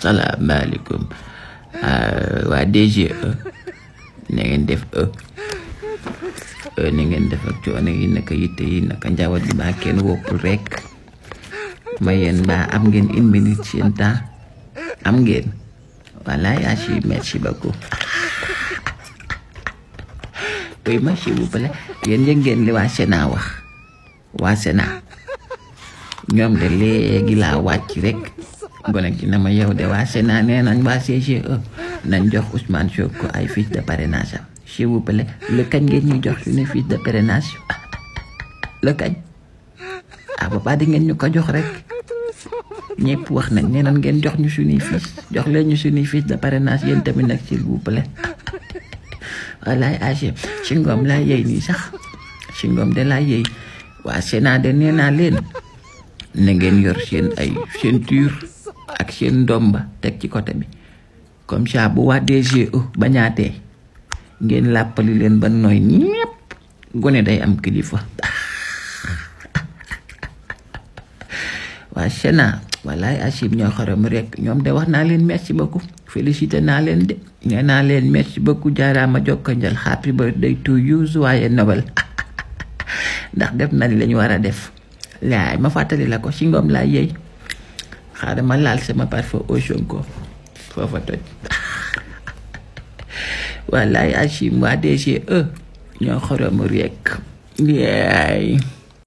سال أعمالكم waa DGE na ngeen def e na ngeen def ak coono yi naka yitte yi naka njaboot bi baa kenn woppul rek ma yéen mbaa am ngeen une minute seen temps am ngeen voilà yaa si merci beaucoup oui ma s'il vous plaît yéen yëg ngeen li waa Sénat wax waa Sénat ngam dele gila wacc rek gona gi nama yow de wase na ne nañ basé ci oh. nañ jox Ousmane Sonko ay fiche de parrainage s'il vous plaît le kan ngeen ñu jox une fiche de parrainage le kan ah papa di ngeen ñu ko jox rek ñepp wax nañ ne nañ ngeen jox ñu suñu fiche jox leen ñu suñu fiche de parrainage yeen tamit nak s'il vous plaît ay age ci ngom la yeey ni sax ci ngom de la yeey wa sénat de na leen na ngeen yor seen ay ceinture ak seen ndomba teg ci côté bi comme ça bu waa DGE bañaatee ngeen làppali leen ba nooy ñépp gone day am kilifa waa Sénat walaay Achim ñoo xaram rek ñoom de wax naa leen merci beaucoup félicité naa leen de nee naa leen merci beaucoup jaaraama jokka njal happy birthday to you waaye Noël ndax def nañ lañu war a def laay ma fàttali la ko ci ngoom laa yëy xaaral ma laal sama parfum au Sonko foofa toj wallaay Achim waa DGE ñoo xoromu rekk yaay